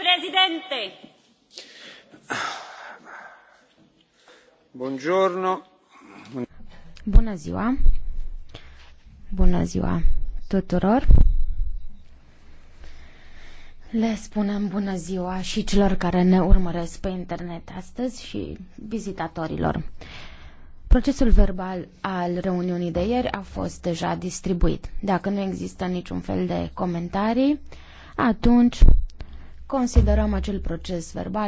presidente. Bună ziua. Bună ziua tuturor. Le spunem bună ziua și celor care ne urmăresc pe internet astăzi și vizitatorilor. Procesul verbal al reuniunii de ieri a fost deja distribuit. Dacă nu există niciun fel de comentarii, atunci Considerăm acel proces verbal